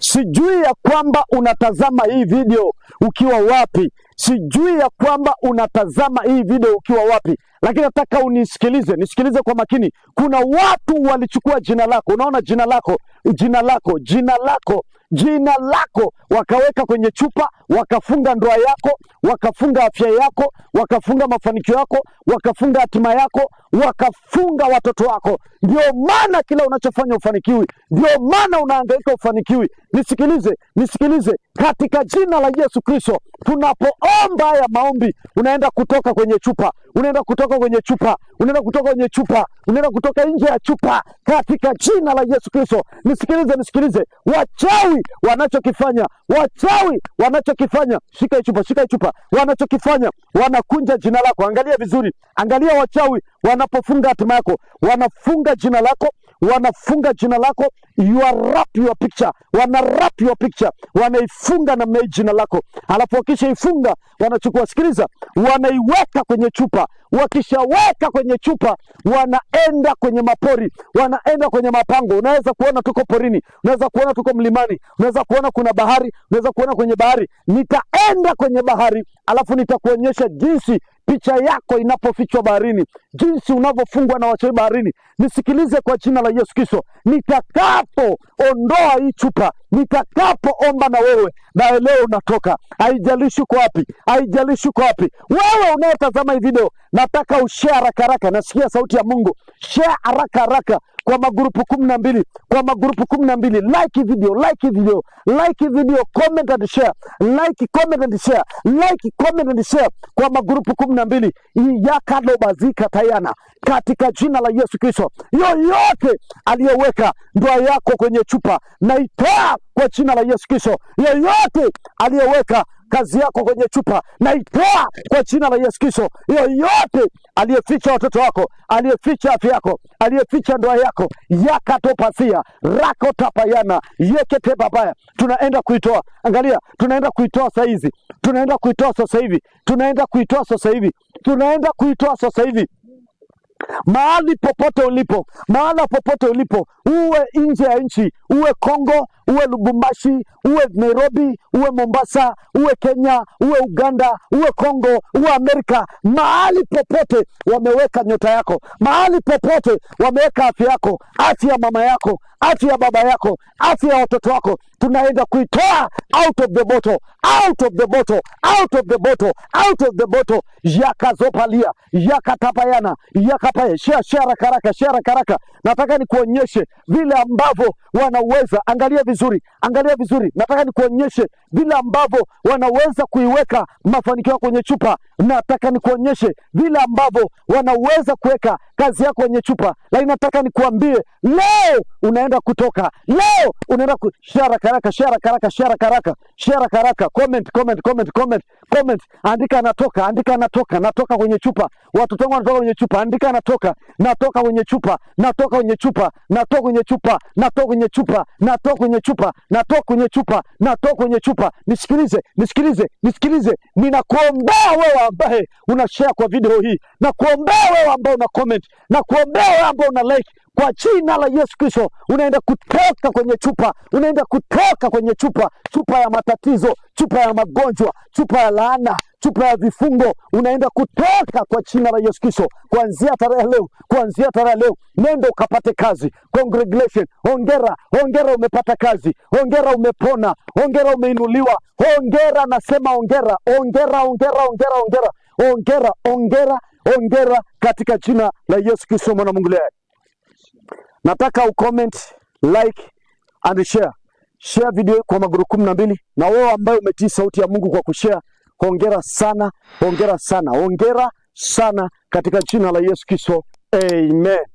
Sijui ya kwamba unatazama hii video ukiwa wapi, sijui ya kwamba unatazama hii video ukiwa wapi, lakini nataka unisikilize, nisikilize kwa makini. Kuna watu walichukua jina lako, unaona jina lako, jina lako, jina lako jina lako, wakaweka kwenye chupa, wakafunga ndoa yako, wakafunga afya yako, wakafunga mafanikio yako, wakafunga hatima yako, wakafunga watoto wako. Ndio maana kila unachofanya ufanikiwi, ndio maana unaangaika ufanikiwi. Nisikilize, nisikilize, katika jina la Yesu Kristo. Tunapoomba haya maombi, unaenda kutoka kwenye chupa, unaenda kutoka kwenye chupa, unaenda kutoka kwenye chupa, unaenda kutoka nje ya chupa katika jina la Yesu Kristo. Nisikilize, nisikilize, wachawi wanachokifanya, wachawi wanachokifanya, shika chupa, shika chupa, wanachokifanya wanakunja jina lako. Angalia vizuri, angalia wachawi Wanapofunga hatima yako, wanafunga jina lako, wanafunga jina lako, you are wrap your picture, wana wrap your picture, wanaifunga namna hii jina lako. Alafu wakishaifunga wanachukua, sikiliza, wanaiweka kwenye chupa. Wakishaweka kwenye chupa, wanaenda kwenye mapori, wanaenda kwenye mapango. Unaweza kuona tuko porini, unaweza kuona tuko mlimani, unaweza kuona kuna bahari, unaweza kuona kwenye bahari. Nitaenda kwenye bahari, alafu nitakuonyesha jinsi picha yako inapofichwa baharini, jinsi unavyofungwa na wachawi baharini. Nisikilize kwa jina la Yesu Kristo, nitakapoondoa hii chupa, nitakapoomba na wewe, na leo unatoka. Haijalishi uko wapi, haijalishi uko wapi. Wewe unayetazama hii video, nataka ushare haraka haraka, nasikia sauti ya Mungu, share haraka haraka kwa magrupu kumi na mbili kwa magrupu kumi na mbili Like video, like video, like video, comment and share, like comment and share, like comment and share kwa magrupu kumi na mbili yakalobazika tayana katika jina la Yesu Kristo. Yoyote aliyeweka ndoa yako kwenye chupa naitoa kwa jina la Yesu Kristo. Yoyote aliyeweka kazi yako kwenye chupa naitoa kwa jina la Yesu Kristo. Yoyote aliyeficha watoto wako, aliyeficha afya yako, aliyeficha ndoa yako, yakatopasia rako tapayana yekete babaya, tunaenda kuitoa. Angalia, tunaenda kuitoa sasa hivi, tunaenda kuitoa sasa hivi, tunaenda kuitoa sasa hivi, tunaenda kuitoa sasa hivi mahali popote ulipo, mahala popote ulipo, uwe nje ya nchi, uwe Kongo, uwe Lubumbashi, uwe Nairobi, uwe Mombasa, uwe Kenya, uwe Uganda, uwe Kongo, uwe Amerika, mahali popote wameweka nyota yako, mahali popote wameweka afya yako, afya ya mama yako, afya ya baba yako, afya ya watoto wako, tunaenda kuitoa out of the bottle, out of the bottle, out of the bottle, out of the bottle, yakazopalia yakatapayana yakapaya shia shia rakaraka shia rakaraka. Nataka nikuonyeshe vile ambavyo wanaweza, angalia vizu vizuri, angalia vizuri, nataka nikuonyeshe vile ambavyo wanaweza kuiweka mafanikio yako kwenye chupa. Nataka nikuonyeshe vile ambavyo wanaweza kuweka kazi yako kwenye chupa, lakini nataka nikuambie leo unaenda kutoka, leo unaenda ku... share karaka, share share comment, comment, comment, comment, comment, andika natoka, andika natoka, natoka kwenye chupa, watoto wangu wanatoka kwenye chupa, andika natoka, natoka kwenye chupa, natoka kwenye chupa, natoka kwenye chupa, natoka kwenye chupa, natoka kwenye chupa, natoka kwenye chupa, natoka kwenye chupa. Nisikilize, nisikilize, nisikilize, ninakuombea wewe ambaye una share kwa video hii, nakuombea wewe ambaye una comment, nakuombea wewe ambaye una like kwa jina la Yesu Kristo unaenda kutoka kwenye chupa, unaenda kutoka kwenye chupa, chupa ya matatizo, chupa ya magonjwa, chupa ya laana, chupa ya vifungo, unaenda kutoka kwa jina la Yesu Kristo kuanzia tarehe leo, kuanzia tarehe leo, nenda ukapate kazi. Congratulations, hongera, hongera, umepata kazi, hongera, umepona, hongera, umeinuliwa, hongera, nasema hongera, hongera, hongera, hongera, hongera, hongera, hongera, hongera katika jina la Yesu Kristo mwana Mungu. Nataka ucomment, like and share share video kwa maguru kumi na mbili na wewe ambaye umetii sauti ya Mungu kwa kushare, hongera sana, hongera sana, hongera sana katika jina la Yesu Kristo, amen.